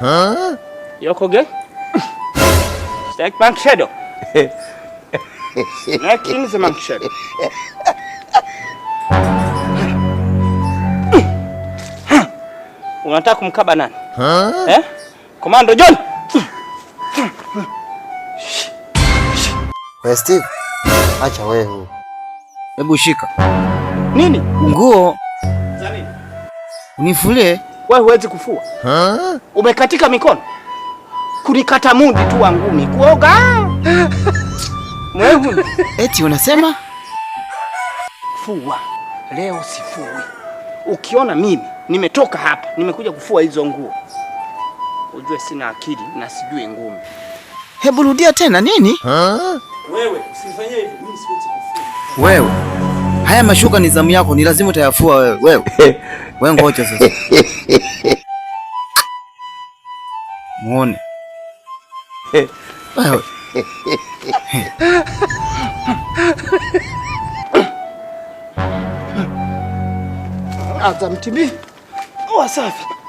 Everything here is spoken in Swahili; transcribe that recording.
Huh? gay? Steak bank shadow. Snack in the bank shadow. Unataka kumkaba nani? Huh? Eh? Komando John. Wewe Steve, acha wewe. Hebu shika. Nini? Nguo. Za nini? Unifulie. Wewe huwezi kufua huh? Umekatika mikono kunikata mundi tu wa kuoga mwehu Eti unasema fua leo? Sifui. Ukiona mimi nimetoka hapa nimekuja kufua hizo nguo, ujue sina akili na sijui ngumi. Hebu rudia tena nini? huh? Wewe usifanye hivyo, mimi siwezi kufua. Wewe Haya mashuka ni zamu yako, ni lazima utayafua wewe. Wewe. Wewe ngoja sasa. Muone. Azam TV. Oh, Wasafi.